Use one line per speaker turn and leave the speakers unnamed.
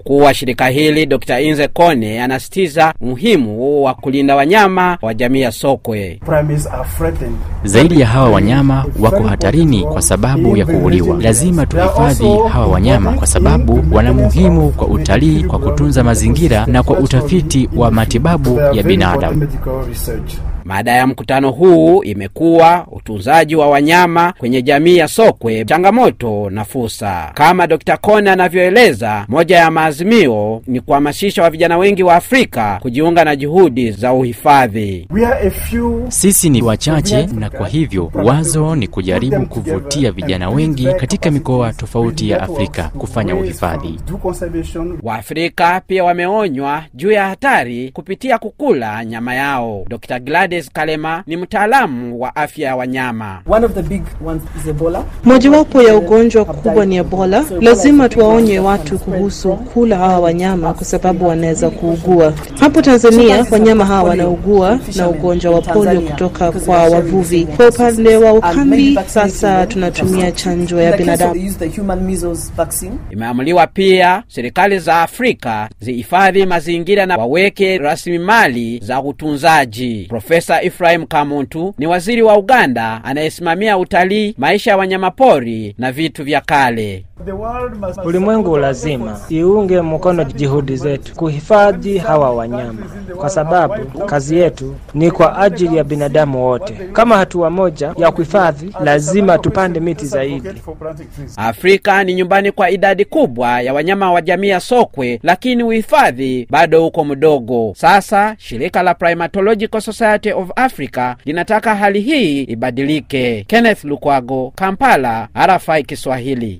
Mkuu wa shirika hili Dr. Inze Kone anasitiza umuhimu wa kulinda wanyama wa jamii ya sokwe.
Zaidi ya hawa wanyama wako hatarini kwa sababu ya kuuliwa. Lazima tuhifadhi hawa wanyama kwa sababu wana muhimu kwa utalii, kwa kutunza mazingira na kwa utafiti wa matibabu ya binadamu.
Mada ya mkutano huu imekuwa utunzaji wa wanyama kwenye jamii ya sokwe, changamoto na fursa. Kama Dr. Kone anavyoeleza, moja ya maazimio ni kuhamasisha wa vijana wengi wa Afrika kujiunga na juhudi za uhifadhi.
Sisi ni wachache, na kwa hivyo wazo ni kujaribu kuvutia vijana wengi katika mikoa tofauti ya Afrika kufanya uhifadhi.
Waafrika pia wameonywa juu ya hatari kupitia kukula nyama yao. Dr. Gladys Agnes Kalema ni mtaalamu wa afya ya wanyama.
Mojawapo ya ugonjwa kubwa ni Ebola. Lazima tuwaonye watu kuhusu kula hawa wanyama kwa sababu wanaweza kuugua. Hapo Tanzania wanyama hawa wanaugua na ugonjwa wa polio kutoka kwa wavuvi. Kwa upande wa ukambi, sasa tunatumia chanjo ya binadamu.
Imeamuliwa pia serikali za Afrika zihifadhi mazingira na waweke rasilimali za utunzaji. Profesa Ephraim Kamuntu ni waziri wa Uganda anayesimamia utalii, maisha ya wanyamapori na vitu vya kale.
Ulimwengu lazima iunge mkono juhudi zetu kuhifadhi hawa wanyama wanyama, kwa sababu kazi yetu ni kwa ajili ya binadamu wote. Kama hatua moja ya kuhifadhi, lazima tupande miti zaidi.
Afrika ni nyumbani kwa idadi kubwa ya wanyama wa jamii ya sokwe, lakini uhifadhi bado uko mdogo. Sasa shirika la Primatological Society of Africa linataka hali hii ibadilike. Kenneth Lukwago, Kampala, RFI Kiswahili.